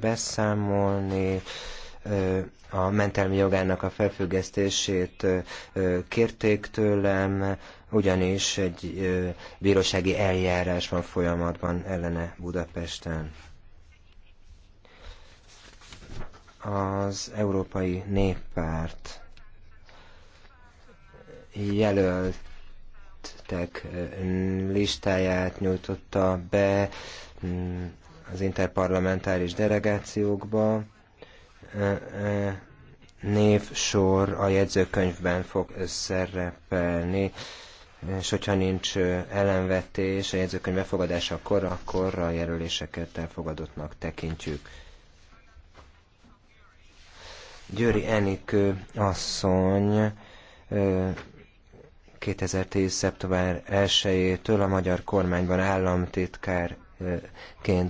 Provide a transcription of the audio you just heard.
beszámolni, a mentelmi jogának a felfüggesztését kérték tőlem, ugyanis egy bírósági eljárás van folyamatban ellene Budapesten. Az Európai Néppárt jelöltek listáját nyújtotta be az interparlamentáris delegációkba. E, e, Névsor a jegyzőkönyvben fog szerepelni, és hogyha nincs e, ellenvetés a jegyzőkönyv befogadásakor, akkor a jelöléseket elfogadottnak tekintjük. Győri Enikő asszony 2010. szeptember 1-től a magyar kormányban államtitkárként